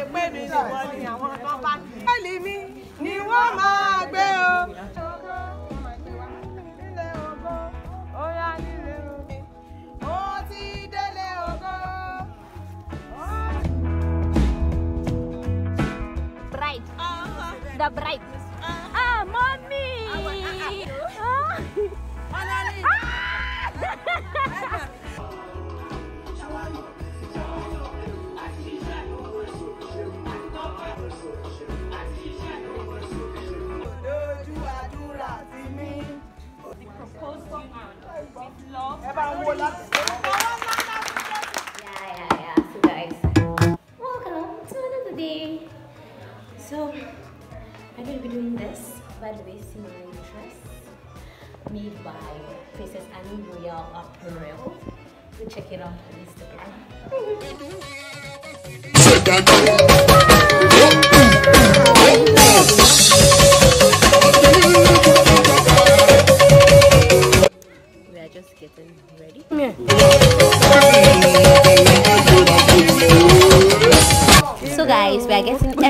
ṣe pé mi nìkan ni àwọn kan bá pẹ́ẹ́lí mi ni wọ́n máa gbé o. The bright. made by Princess Annie Royal Apparel. Go check it out on Instagram. We are just getting ready. So guys, we are getting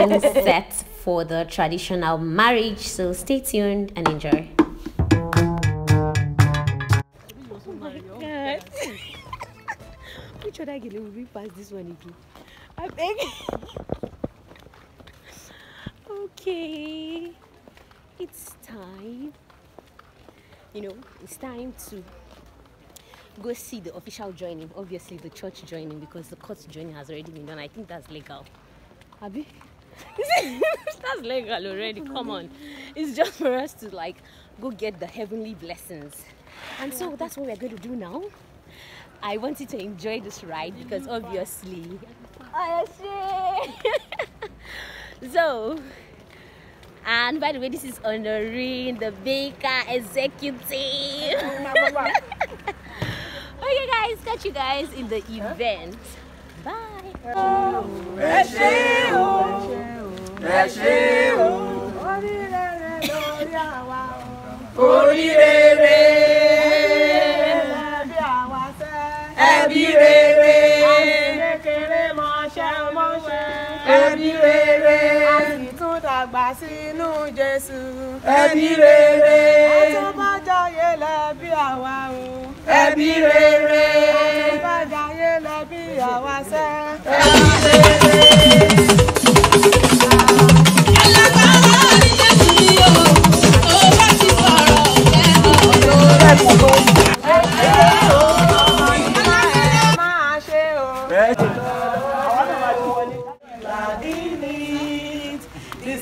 everything set for the traditional marriage. So stay tuned and enjoy. other get will we pass this one again i beg okay it's time you know it's time to go see the official joining obviously the church joining because the court joining has already been done i think that's legal abi that's legal already come on it's just for us to like go get the heavenly blessings and so that's what we're going to do now I want you to enjoy this ride because obviously. so, and by the way, this is honoring the Baker Executive. okay, guys, catch you guys in the event. Bye. Oh. ṣe ọmọ ṣe. ẹbí rere. a sì tún dàgbà sínú Jésù. ẹbí rere. a tún bá jayé lẹ bí àwa o. ẹbí rere. a tún bá jayé lẹ àwa sẹ́. ẹbí rere.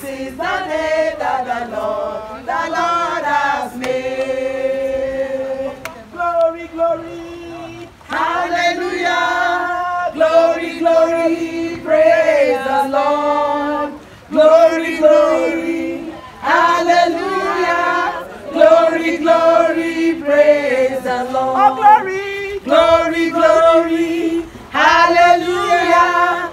This is the day that the Lord, the Lord has made. Glory, glory, hallelujah. Glory, glory, praise the Lord. Glory, glory, hallelujah. Glory, glory, praise the Lord. Oh, glory, glory, glory, hallelujah.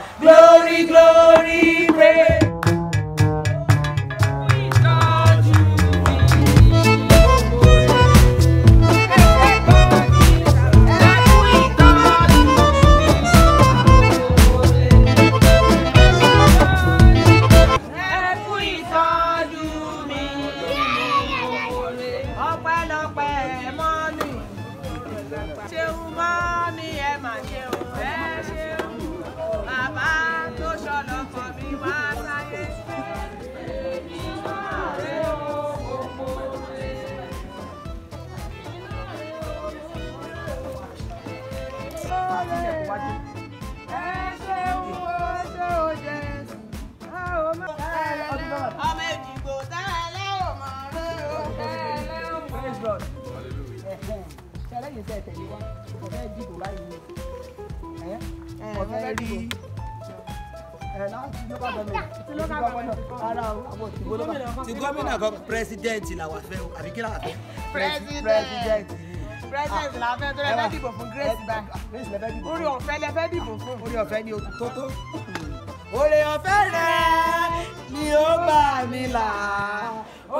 rí ti gómìnà kan pírẹsidẹ́ǹtì làwa fẹ́ o àbí kí làwa fẹ́. pírẹsidẹ́ǹtì pírẹsidẹ́ǹtì làwa fẹ́ tó lẹ fẹ́ dìbò fún grace bank ah, orí ọ̀fẹ́ lẹ fẹ́ dìbò fún. orí ọ̀fẹ́ ni o orí ọ̀fẹ́ rẹ ni ó bá mi là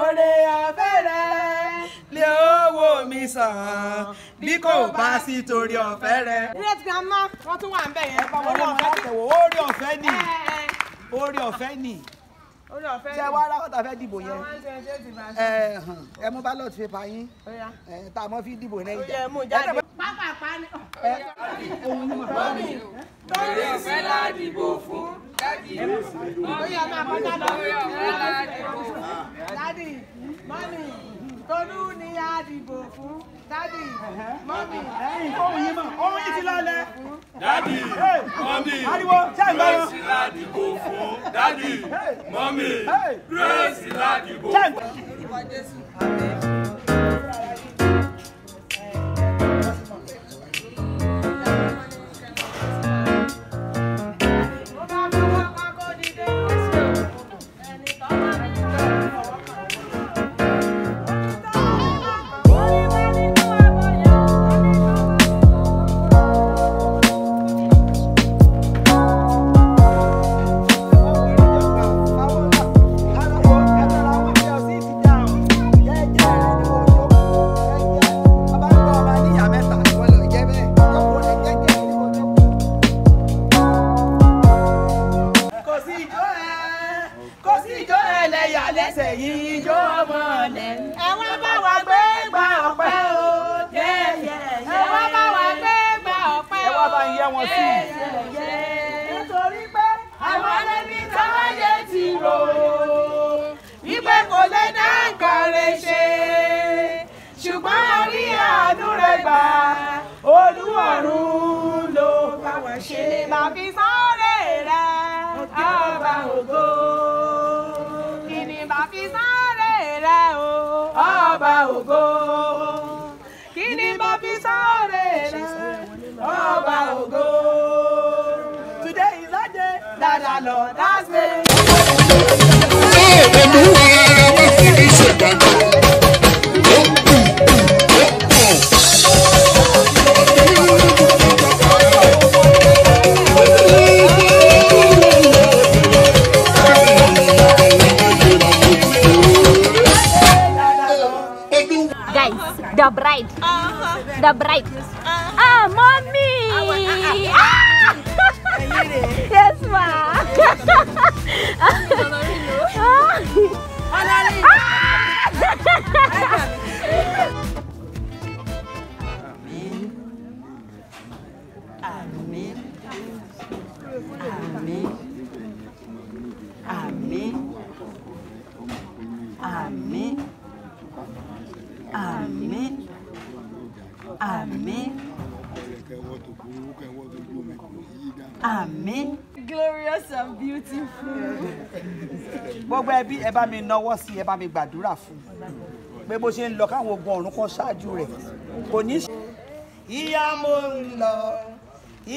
orí ọ̀fẹ́ rẹ lé owó mi sàn bí kò bá sí torí ọ̀fẹ́ rẹ. great grandma wọn tún wà ń bẹ yẹn. orí ọ̀fẹ́ ni orí ọ̀fẹ́ ni orí ọ̀fẹ́ ni ṣe wá rákọ̀tà fẹ́ dìbò yẹn ẹ mú ballot paper yín tá a mọ̀ fi dìbò náà ìjà. pápápá ni. torí ọ̀fẹ́ la dìbò fún dádì orí ọ̀fẹ́ la dìbò fún dádì mọ́nì. Tolú ni a dìbò fún dádì mọ́mì. Ẹyin yìí mọ̀, ohun yìí ti lálẹ́. Dádì mọ́mì Grace la dìbò fún dádì mọ́mì Grace la dìbò fún. fẹ́ wọn sí. nítorí pé àwọn ẹlẹ́bí táyé ti rò wípé kò lè dá nǹkan rẹ̀ ṣe ṣùgbọ́n a rí àánú rẹ̀ gbà olúwọ̀run ló bá wà ṣe. làbí sáré rẹ̀ ọba ògo. kìnìún bàbí sáré rẹ̀ o ọba ògo. Guys, the bride, uh -huh. the bride. Uh -huh. Ah, mommy! Ah, ah, ah. yes, ma'am. Ọlọ́rin. Àmín. Àmín. Àmín. Àmín. Àmín. Àmín. Àmín. Àmín. Glorious and beautiful. Gbogbo ẹbí ẹ bá mi náwó sí ẹ bá mi gbàdúrà fún. Pé bó ṣe ń lọ káwọn ogun ọ̀run kan ṣáájú rẹ̀. Kò ní. Ìyá mo ń lọ,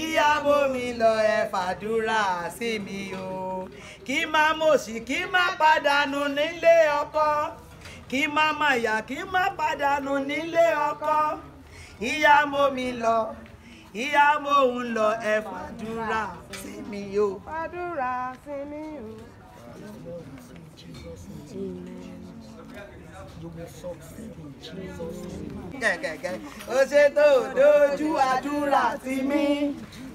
ìyá mo mi lọ ẹ fàdúrà sí mi o. Kí má mo sì kí má pàdánù nílé ọkọ. Kí má má yà kí má pàdánù nílé ọkọ. Ìyá mo mi lọ, ìyá mo ń lọ ẹ fàdúrà sí mi o mi o. àdúrà sí mi o. Gẹ̀gẹ̀gẹ̀ o ṣe tó dojú àdúrà sí mi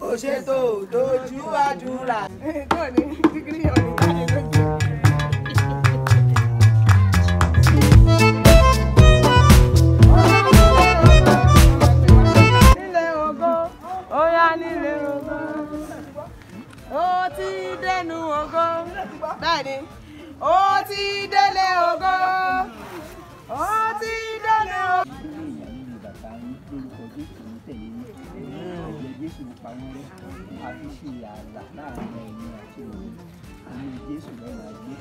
o ṣe tó dojú àdúrà. Kò ní dígírí ọ̀rẹ́ jáde. dẹnu ògo bẹ́ẹ̀ ni ó ti délé ògo ó ti délé ògo. Jésù pa wọ́n rẹ́ àfi ṣe ààlà láàárín ẹ̀yin àti òun ilé Jésù lọ́la gbé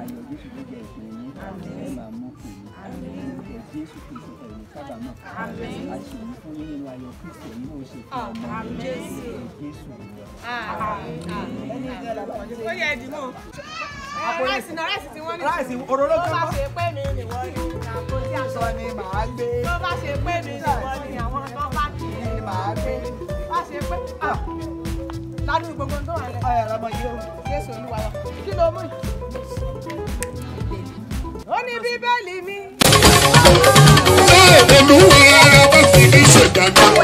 ayọ̀ Jésù ló jẹ ìpè yín lọ́la mú pèmí ìjọ Jésù kò sí ẹ̀yìn kábàámọ̀ àṣìlú fún yín nínú ayọ̀ Kristi ẹ̀yìn náà ṣe fún ọmọ Jésù Jésù ẹni ìjọ làbàbà ṣe é. ó yẹ ẹdínwó. ráìsì náà ráìsì tí wọ́n ní. ráìsì òróró kan. tó bá ṣe pé mi ni wọ́n ní àwọn tí a sọ ni màá gbé. tó bá ṣe pé mi ni wọ́n ní àwọn tó bá kì í ni màá gbé. bá ṣe pé ládùúgbò gbogbo tó wà lẹ. ọyọ lọmọ yìí o. jésù olúwa wa kí ló mú yìí. ó ní bíbélì mi. olúwa bá sì ní ṣèdájọ́.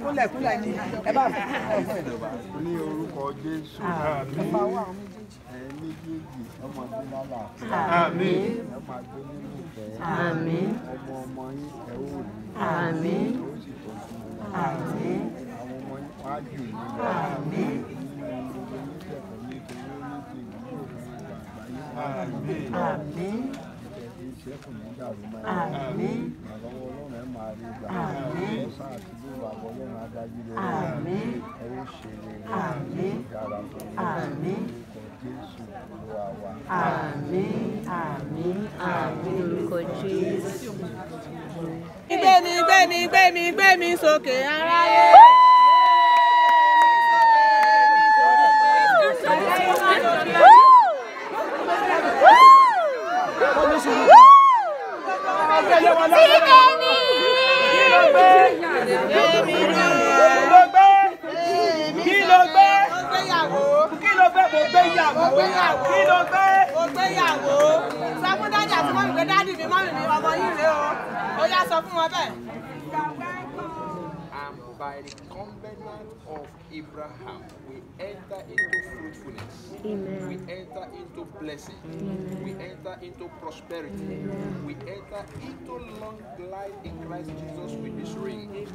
kúnlẹ̀ kúnlẹ̀ kúnlẹ̀ ni ẹ bá fi. ní orúkọ jésù ẹ máa wà ọmọ àgbẹ̀ lálà àmín ọmọ àgbẹ̀ nínú ìfẹ́ àmín ọmọ ọmọ yín ẹ ó rí àmín ó àwọn ọmọ yín wá jù yín lọ àmín nínú gbogbo yín ìṣẹ́kùn ní dàrú mọ́ ẹ̀ ìrànlọ́wọ́ ọlọ́run ẹ̀ máa rí gbà ó sáà ti bí ìwà àbọ̀ ọlọ́run adájú lórí ẹ̀ ó ṣe rere dára fún mi orúkọ jésù ló wà wá. àmín àmín àmín orúkọ jésù. gbẹ̀mí gbẹ̀mí gbẹ̀mí gbẹ̀mí sókè aráyé. Abraham, we enter into fruitfulness. Amen. We enter into blessing. Amen. We enter into prosperity. Amen. We enter into long life in Christ Jesus with this ring.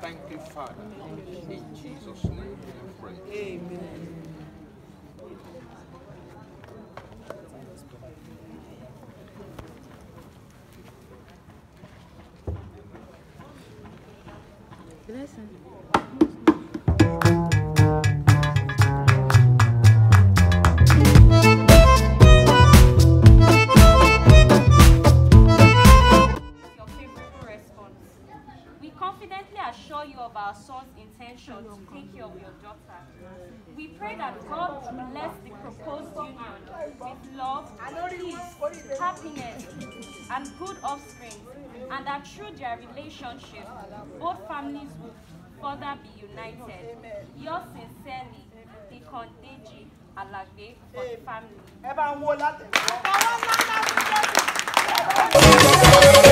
Thank you, Father. In Jesus' name we pray. Amen. that God bless the proposed union with love, peace, happiness, and good offspring, and that through their relationship, both families will further be united. Yours sincerely, the Kondeji Alagbe for the family.